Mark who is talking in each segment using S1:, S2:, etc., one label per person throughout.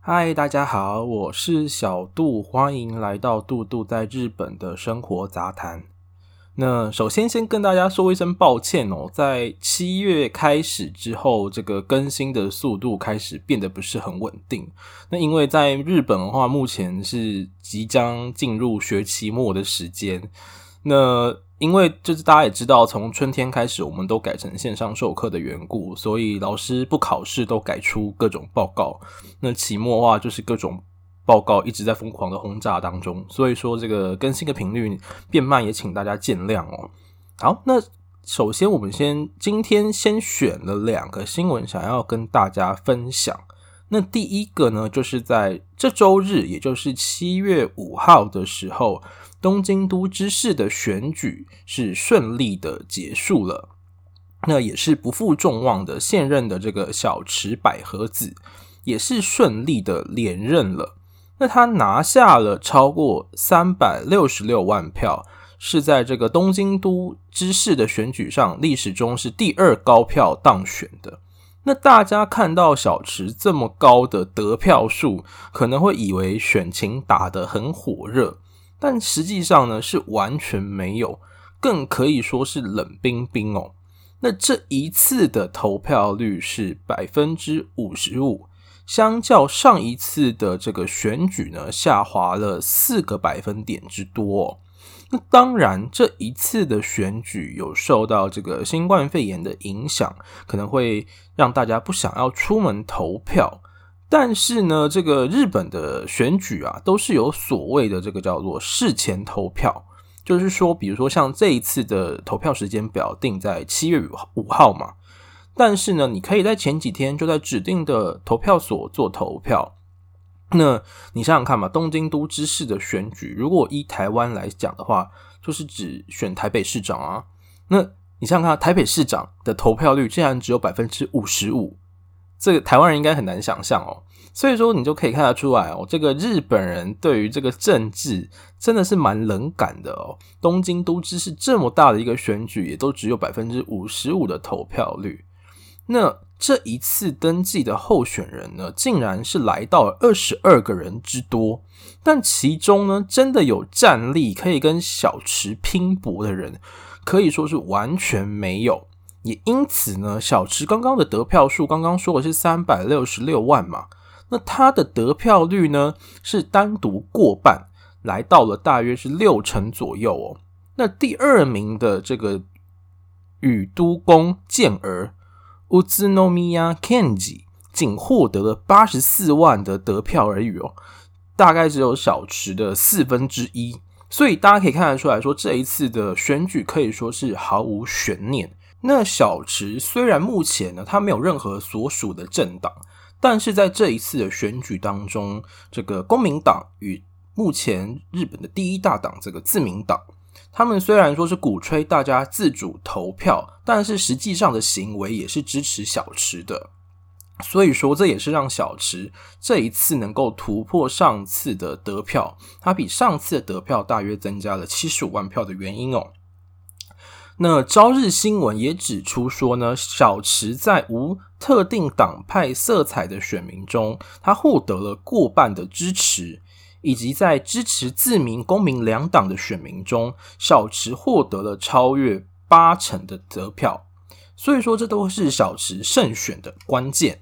S1: 嗨，大家好，我是小杜，歡迎來到杜杜在日本的生活雜談。那首先先跟大家說一聲抱歉哦，在七月開始之後，這個更新的速度開始變得不是很穩定。那因為在日本的話，目前是即將進入學期末的時間。那因為就是大家也知道，從春天開始我們都改成線上授課的緣故，所以老師不考試都改出各種報告。那期末的話就是各種報告一直在瘋狂的轟炸當中，所以說這個更新的頻率變慢也請大家見諒哦。好，那首先我們先，今天先選了兩個新聞想要跟大家分享。那第一個呢，就是在這週日，也就是七月五號的時候，東京都知事的選舉是順利的結束了。那也是不負眾望的，現任的這個小池百合子也是順利的連任了。那他拿下了超過三百六十六萬票，是在這個東京都知事的選舉上，歷史中是第二高票當選的。那大家看到小池這麼高的得票數，可能會以為選情打得很火熱，但實際上呢是完全沒有，更可以說是冷冰冰哦、喔。那這一次的投票率是百分之五十五，相較上一次的這個選舉呢，下滑了四個百分點之多、喔。那當然，這一次的選舉有受到這個新冠肺炎的影響，可能會讓大家不想要出門投票。但是呢，這個日本的選舉啊，都是有所謂的這個叫做事前投票，就是說，比如說像這一次的投票時間表定在七月五號嘛，但是呢，你可以在前幾天就在指定的投票所做投票。那你想想看嘛，東京都知事的選舉，如果依台灣來講的話，就是指選台北市長啊。那你想想看，台北市長的投票率竟然只有百分之五十五，這個台灣人應該很難想象哦、喔。所以說，你就可以看得出來哦、喔，這個日本人對於這個政治真的是蠻冷感的哦、喔。東京都知事這麼大的一個選舉，也都只有百分之五十五的投票率，那。這一次登記的候選人呢，竟然是來到了二十二個人之多，但其中呢，真的有戰力可以跟小池拼搏的人，可以說是完全沒有。也因此呢，小池剛剛的得票數，剛剛說的是三百六十六萬嘛，那他的得票率呢是單獨過半，來到了大約是六成左右哦。那第二名的這個宇都宮健兒。烏茲諾米亞· j i 僅獲得了八十四萬的得票而已哦，大概只有小池的四分之一。所以大家可以看得出來說，這一次的選舉可以說是毫無懸念。那小池雖然目前呢，他沒有任何所屬的政黨，但是在這一次的選舉當中，這個公民黨與目前日本的第一大黨這個自民黨。他們雖然說是鼓吹大家自主投票，但是實際上的行為也是支持小池的，所以說這也是讓小池這一次能夠突破上次的得票，他比上次的得票大約增加了七十五萬票的原因哦。那朝日新聞也指出說呢，小池在無特定黨派色彩的選民中，他獲得了過半的支持。以及在支持自民、公明兩黨的選民中，小池獲得了超越八成的得票，所以說這都是小池勝選的關鍵。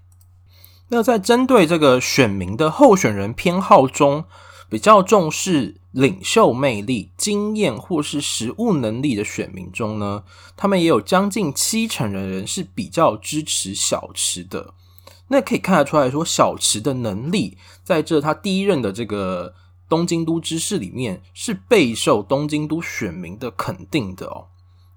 S1: 那在針對這個選民的候選人偏好中，比較重視領袖魅力、經驗或是實務能力的選民中呢，他們也有將近七成的人是比較支持小池的。那可以看得出來，說小池的能力在這他第一任的這個東京都知事裡面是備受東京都選民的肯定的哦、喔。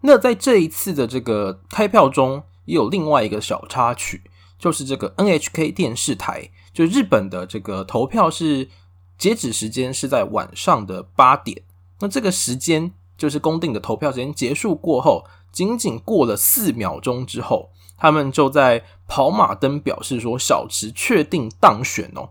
S1: 那在這一次的這個開票中，也有另外一個小插曲，就是這個 NHK 電視台，就日本的這個投票是截止時間是在晚上的八點，那這個時間就是公定的投票時間結束過後，僅僅過了四秒鐘之後。他們就在跑馬燈表示說小池確定當選哦，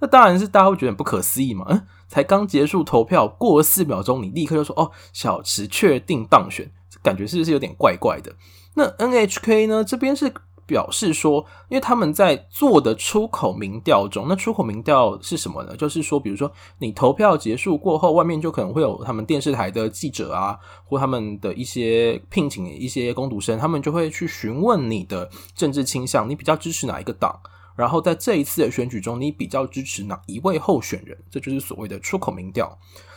S1: 那當然是大家會覺得不可思議嘛。嗯，才剛結束投票過四秒鐘，你立刻就說哦，小池確定當選，感覺是不是有點怪怪的？那 NHK 呢這邊是。表示說，因為他們在做的出口民調中，那出口民調是什麼呢？就是說，比如說你投票結束過後，外面就可能會有他們電視台的記者啊，或他們的一些聘請一些工讀生，他們就會去詢問你的政治傾向，你比較支持哪一個黨，然後在這一次的選舉中，你比較支持哪一位候選人，這就是所謂的出口民調。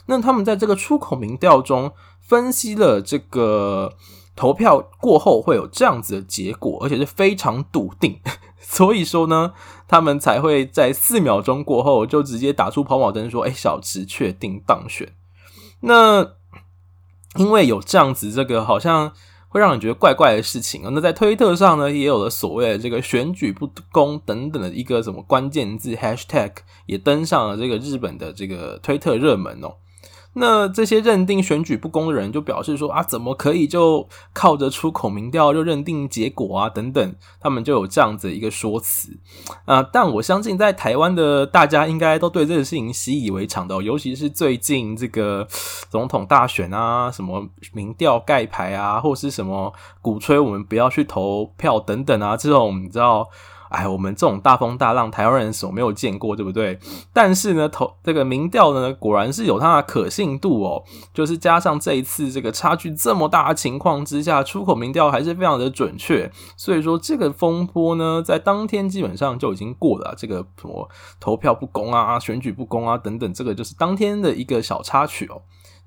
S1: 那他們在這個出口民調中分析了這個。投票過後會有這樣子的結果，而且是非常篤定，所以說呢，他們才會在四秒鐘過後就直接打出跑馬燈，說：“哎、欸，小池確定當選。那”那因為有這樣子這個好像會讓你覺得怪怪的事情啊，那在推特上呢，也有了所謂的這個選舉不公等等的一個什麼關鍵字 hashtag 也登上了這個日本的這個推特熱門哦、喔。那這些認定選舉不公的人，就表示說啊，怎麼可以就靠着出口民調就認定結果啊？等等，他們就有這樣子一個說辭啊。但我相信，在台灣的大家應該都對這個事情習以為常的哦，尤其是最近這個總統大選啊，什麼民調蓋牌啊，或是什麼鼓吹我們不要去投票等等啊，這種你知道。哎，我們這種大風大浪，台灣人所沒有見過，對不對？但是呢，投這個民調呢，果然是有它的可信度哦、喔。就是加上這一次這個差距這麼大的情況之下，出口民調還是非常的準確。所以說，這個風波呢，在當天基本上就已經過了。這個什麼投票不公啊，選舉不公啊等等，這個就是當天的一個小插曲哦、喔。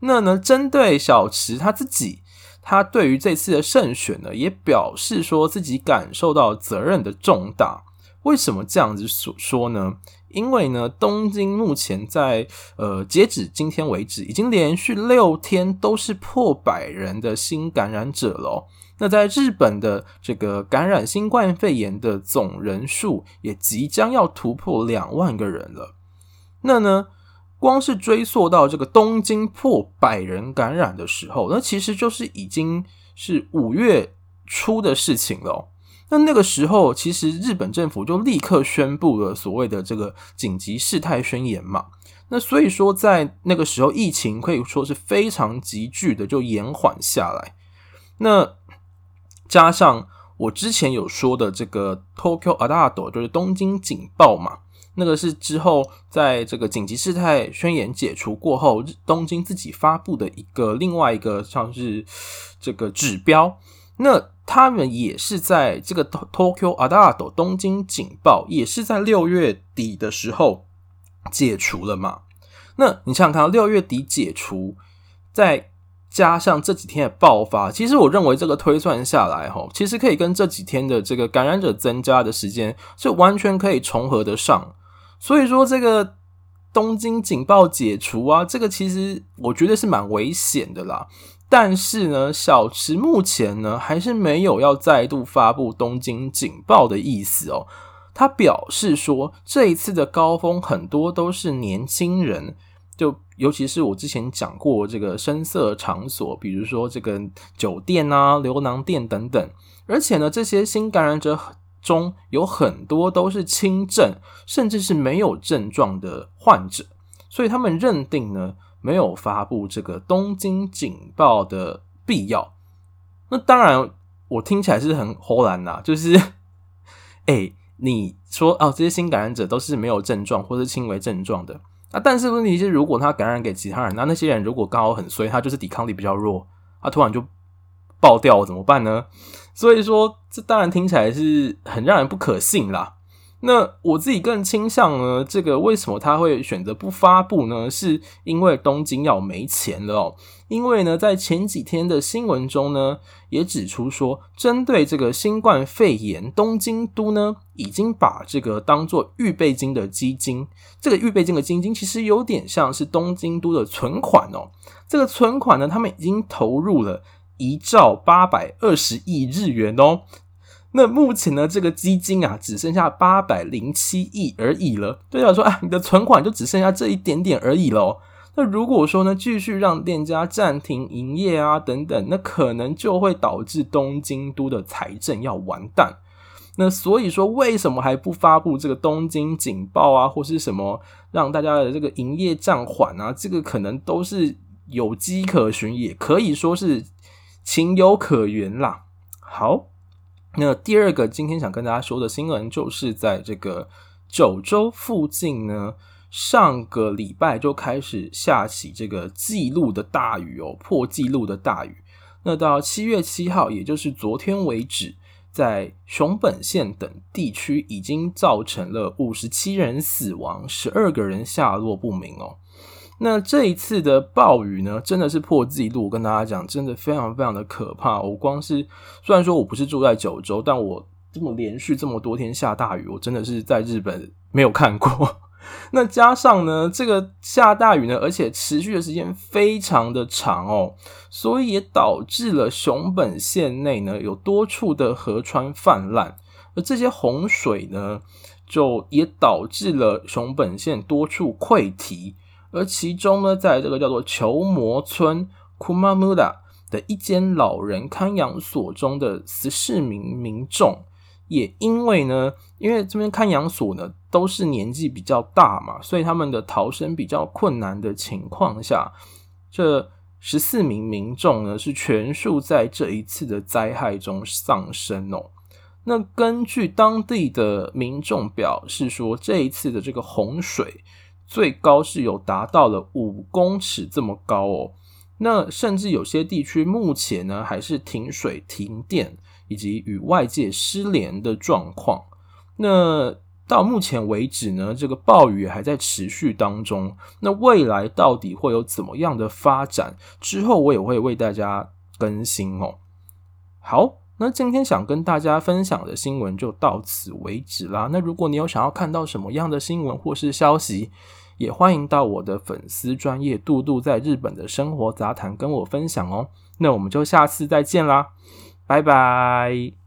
S1: 那呢，針對小池他自己。他對於這次的勝選呢，也表示說自己感受到責任的重大。為什麼這樣子所說呢？因為呢，東京目前在呃，截止今天為止，已經連續六天都是破百人的新感染者了喔。那在日本的這個感染新冠肺炎的總人數，也即將要突破兩萬個人了。那呢？光是追溯到這個東京破百人感染的時候，那其實就是已經是五月初的事情了喔。那那個時候，其實日本政府就立刻宣布了所謂的這個緊急事態宣言嘛。那所以說，在那個時候，疫情可以說是非常急劇的，就延緩下來。那加上我之前有說的這個 Tokyo Alert，就是東京警報嘛。那個是之後在這個緊急事態宣言解除過後，東京自己發布的一個另外一個像是這個指標，那他們也是在這個 Tokyo Alert 東京警報也是在六月底的時候解除了嘛？那你想想看，六月底解除，再加上這幾天的爆發，其實我認為這個推算下來，齁，其實可以跟這幾天的這個感染者增加的時間是完全可以重合得上。所以說這個東京警報解除啊，這個其實我覺得是蠻危險的啦。但是呢，小池目前呢還是沒有要再度發佈東京警報的意思哦、喔。他表示說，這一次的高峰很多都是年輕人，就尤其是我之前講過這個聲色場所，比如說這個酒店啊、牛郎店等等。而且呢，這些新感染者。中有很多都是輕症，甚至是沒有症狀的患者，所以他們認定呢，沒有發布這個東京警報的必要。那當然，我聽起來是很荒然吶，就是，誒、欸，你說哦，這些新感染者都是沒有症狀或者輕微症狀的啊，那但是問題是，如果他感染給其他人，那那些人如果剛好很衰，他就是抵抗力比較弱，他突然就。爆掉怎麼辦呢？所以說，這當然聽起來是很讓人不可信啦。那我自己更傾向呢，這個為什麼他會選擇不發布呢？是因為東京要沒錢了哦。因為呢，在前幾天的新聞中呢，也指出說，針對這個新冠肺炎，東京都呢已經把這個當做預備金的基金。這個預備金的基金其實有點像是東京都的存款哦。這個存款呢，他們已經投入了。一兆八百二十億日元哦、喔，那目前呢，這個基金啊只剩下八百零七億而已了。對啊，說，啊，你的存款就只剩下這一點點而已嘍、喔。那如果說呢，繼續讓店家暫停營業啊，等等，那可能就會導致東京都的財政要完蛋。那所以說，為什麼還不發布這個東京警報啊，或是什麼讓大家的這個營業暫緩啊？這個可能都是有跡可循，也可以說是。情有可原啦。好，那第二個今天想跟大家說的新聞，就是在這個九州附近呢，上個禮拜就開始下起這個記錄的大雨哦，破記錄的大雨。那到七月七號，也就是昨天為止，在熊本縣等地區已經造成了五十七人死亡，十二個人下落不明哦。那這一次的暴雨呢，真的是破紀錄。我跟大家講，真的非常非常的可怕哦。我光是雖然說我不是住在九州，但我這麼連續這麼多天下大雨，我真的是在日本沒有看過。 那加上呢，這個下大雨呢，而且持續的時間非常的長哦，所以也導致了熊本縣內呢有多處的河川氾濫，而這些洪水呢，就也導致了熊本縣多處潰堤。而其中呢，在這個叫做球磨村 （Kumamuda） 的一間老人看養所中的十四名民眾，也因為呢，因為這邊看養所呢都是年紀比較大嘛，所以他們的逃生比較困難的情況下，這十四名民眾呢是全數在這一次的災害中喪生哦、喔。那根據當地的民眾表示說，這一次的這個洪水。最高是有達到了五公尺這麼高哦，那甚至有些地區目前呢還是停水、停電以及與外界失聯的狀況。那到目前為止呢，這個暴雨還在持續當中。那未來到底會有怎麼樣的發展？之後我也會為大家更新哦。好。那今天想跟大家分享的新聞就到此為止啦。那如果你有想要看到什麼樣的新聞或是消息，也歡迎到我的粉絲專業杜杜在日本的生活雜談跟我分享哦、喔。那我們就下次再見啦，拜拜。